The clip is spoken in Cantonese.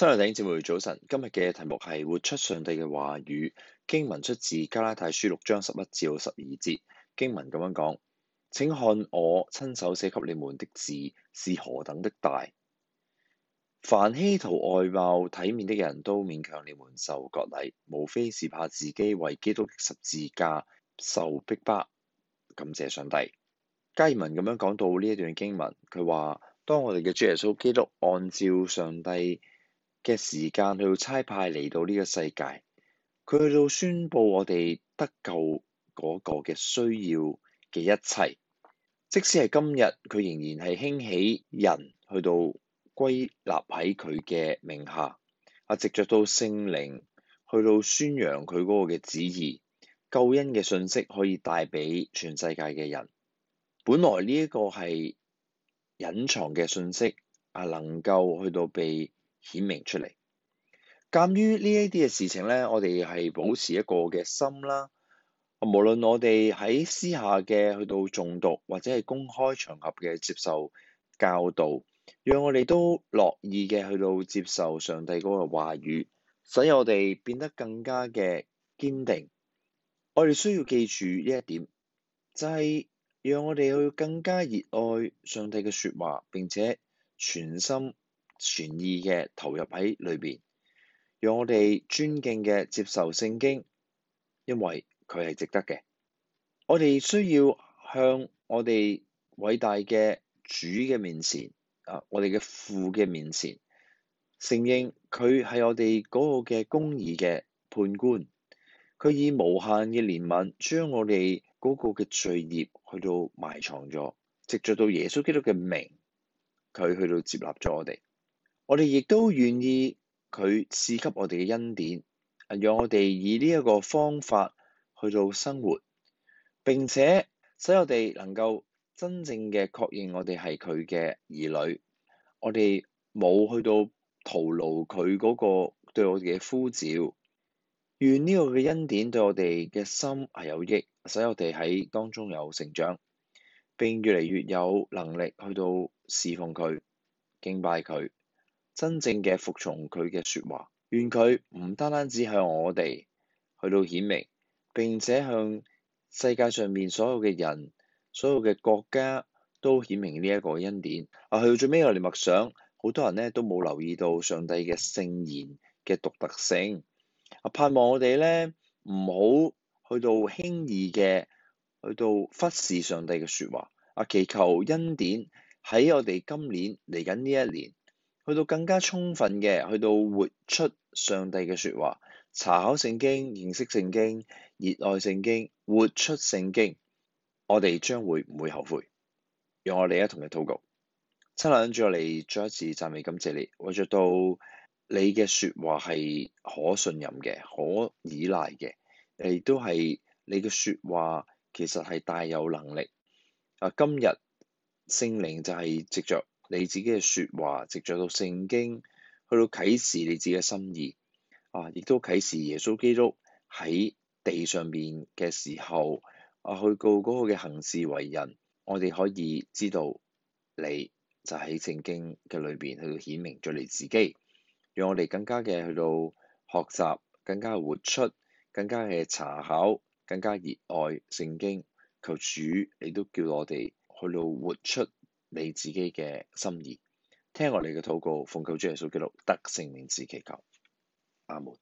新亮點節目，早晨，今日嘅題目係活出上帝嘅話語。經文出自加拉太書六章十一至十二節。經文咁樣講，請看我親手寫給你們的字是何等的大。凡希圖外貌體面的人都勉強你們受割禮，無非是怕自己為基督的十字架受逼迫。感謝上帝。加爾文咁樣講到呢一段經文，佢話當我哋嘅主耶穌基督按照上帝。嘅時間去到差派嚟到呢個世界，佢去到宣佈我哋得救嗰個嘅需要嘅一切，即使係今日，佢仍然係興起人去到歸納喺佢嘅名下，啊，藉著到聖靈去到宣揚佢嗰個嘅旨意，救恩嘅信息可以帶畀全世界嘅人，本來呢一個係隱藏嘅信息，啊，能夠去到被。顯明出嚟。鑑於呢一啲嘅事情咧，我哋係保持一個嘅心啦。無論我哋喺私下嘅去到中毒，或者係公開場合嘅接受教導，讓我哋都樂意嘅去到接受上帝嗰個話語，使我哋變得更加嘅堅定。我哋需要記住呢一點，就係、是、讓我哋去更加熱愛上帝嘅説話，並且全心。全意嘅投入喺裏邊，讓我哋尊敬嘅接受聖經，因為佢係值得嘅。我哋需要向我哋偉大嘅主嘅面前啊，我哋嘅父嘅面前，承認佢係我哋嗰個嘅公義嘅判官，佢以無限嘅憐憫將我哋嗰個嘅罪孽去到埋藏咗，藉着到耶穌基督嘅名，佢去到接納咗我哋。我哋亦都願意佢賜給我哋嘅恩典，啊，讓我哋以呢一個方法去到生活，並且使我哋能夠真正嘅確認我哋係佢嘅兒女，我哋冇去到徒勞佢嗰個對我哋嘅呼召，願呢個嘅恩典對我哋嘅心係有益，使我哋喺當中有成長，並越嚟越有能力去到侍奉佢、敬拜佢。真正嘅服從佢嘅說話，願佢唔單單只向我哋去到顯明，並且向世界上面所有嘅人、所有嘅國家都顯明呢一個恩典。啊，去到最尾我哋默想，好多人咧都冇留意到上帝嘅聖言嘅獨特性。啊，盼望我哋咧唔好去到輕易嘅去到忽視上帝嘅說話啊，祈求恩典喺我哋今年嚟緊呢一年。去到更加充分嘅，去到活出上帝嘅說話，查考聖經，認識聖經，熱愛聖經，活出聖經，我哋將會唔會後悔？讓我哋一同嚟禱告。親愛嘅主，我嚟再一次讚美感謝你，為着到你嘅說話係可信任嘅、可依賴嘅，誒都係你嘅說話其實係大有能力。啊，今日聖靈就係藉着。你自己嘅説話，藉著到聖經去到啟示你自己嘅心意啊，亦都啟示耶穌基督喺地上邊嘅時候啊，去告嗰個嘅行事為人，我哋可以知道你就喺聖經嘅裏邊去到顯明咗你自己，讓我哋更加嘅去到學習，更加活出，更加嘅查考，更加熱愛聖經。求主，你都叫我哋去到活出。你自己嘅心意，聽我哋嘅禱告，奉求主耶穌基督得聖名，自祈求，阿門。